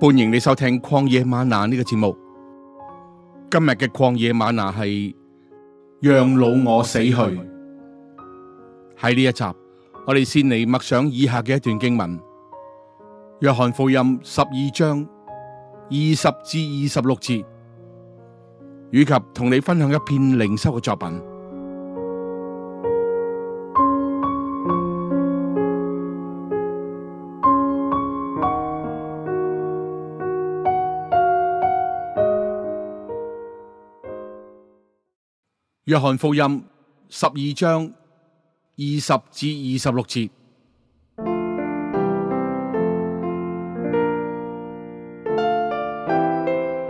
歡迎你收聽曠野嗎哪呢個節目。今日嘅曠野嗎哪係讓老我死去。喺呢一集，我哋先嚟默想以下嘅一段經文：約翰福音十二章二十至二十六節，以及同你分享一篇靈修嘅作品。約翰福音十二章二十至二十六節。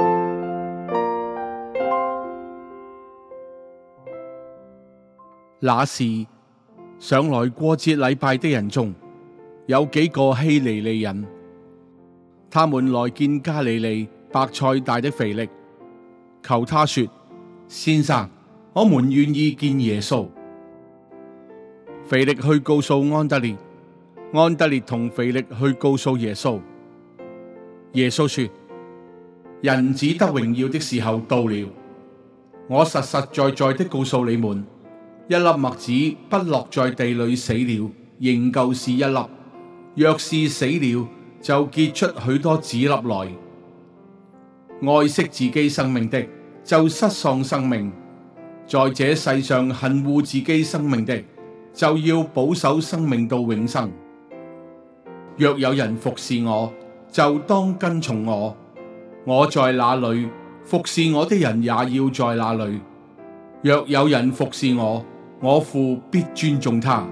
那時上來過節禮拜的人中有幾個希利尼人，他們來見加利利伯賽大的腓力，求他說：先生。我們願意見耶穌。腓力去告訴安德烈，安德烈同腓力去告訴耶穌。耶穌說：人子得榮耀的時候到了。我實實在在的告訴你們，一粒麥子不落在地裏死了，仍舊是一粒；若是死了，就結出許多子粒來。愛惜自己生命的，就失喪生命。在這世上恨惡自己生命的，就要保守生命到永生。若有人服侍我，就當跟從我。我在哪裏，服侍我的人也要在哪裏。若有人服侍我，我父必尊重他。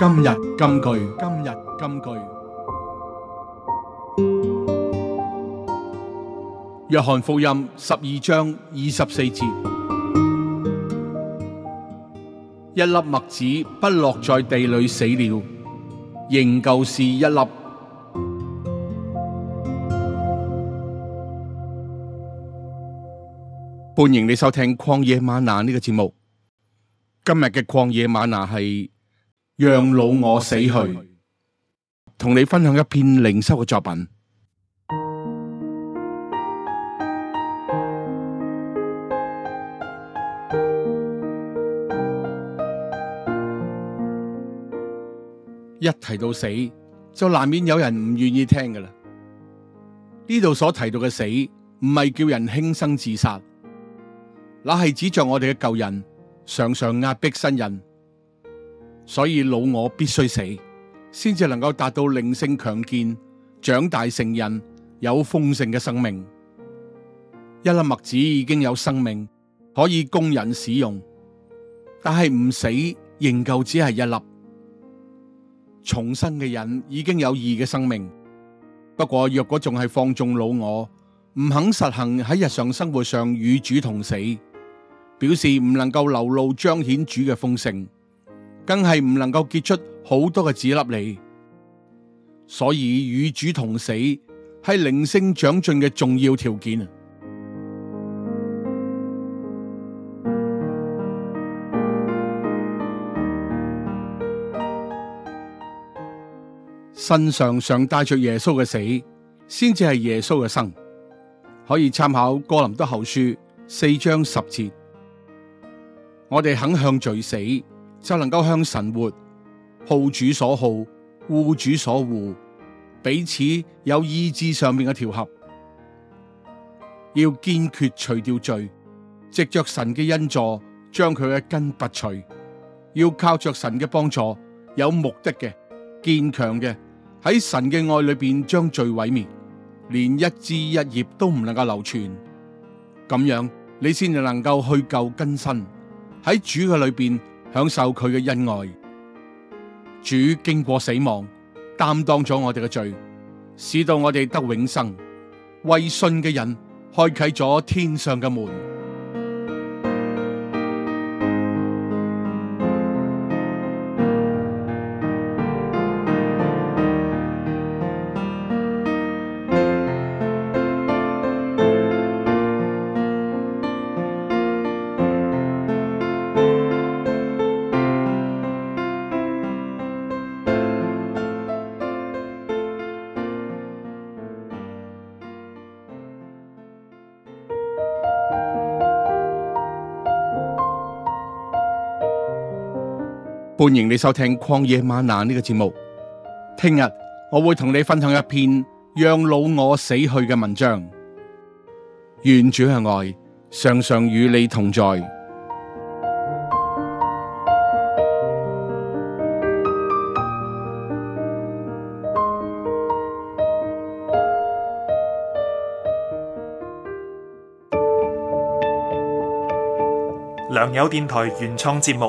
今日金句，今日金句。約翰福音十二章二十四節：一粒麥子不落在地裏死了，仍舊是一粒。歡迎你收聽曠野嗎哪呢個節目。今日嘅曠野嗎哪係，讓老我死去，同你分享一篇靈修嘅作品。 一提到死，就難免有人唔願意聽噶啦。呢度所提到嘅死，唔係叫人輕生自殺，那係指着我哋嘅舊人，常常壓迫新人。所以老我必須死，先至能夠達到靈性強健、長大成人、有豐盛嘅生命。一粒麥子已經有生命可以供人使用，但係唔死仍舊只係一粒。重生嘅人已經有異嘅生命。不過若果仲係放縱老我，唔肯實行喺日常生活上與主同死，表示唔能夠流露彰顯主嘅豐盛。更係唔能夠結出好多嘅子粒嚟，所以與主同死係靈性長進嘅重要條件。身上常帶着耶穌嘅死，先至係耶穌嘅生。可以參考哥林多後書四章十節，我哋肯向罪死。就能夠向神活，好主所好、護主所護，彼此有意志上面嘅調合。要堅決除掉罪，藉着神嘅恩助，將佢嘅根拔除。要靠着神嘅幫助，有目的嘅、堅強嘅，喺神嘅愛裏邊將罪毀滅，連一枝一葉都唔能夠流傳。咁樣你先至能夠去舊更新，喺主嘅裏邊。享受佢嘅恩愛，主經過死亡，擔當咗我哋嘅罪，使到我哋得永生，為信嘅人開啟咗天上嘅門。歡迎你收聽曠野嗎哪呢個節目。聽日我會同你分享一篇讓老我死去嘅文章。願主嘅愛常常與你同在。良友電台原創節目。